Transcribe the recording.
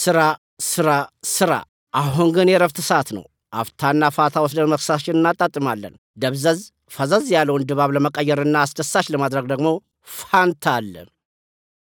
ስራ ስራ ስራ። አሁን ግን የረፍት ሰዓት ነው። አፍታና ፋታ ወስደን መክሳችን እናጣጥማለን። ደብዘዝ ፈዘዝ ያለውን ድባብ ለመቀየርና አስደሳች ለማድረግ ደግሞ ፋንታ አለን።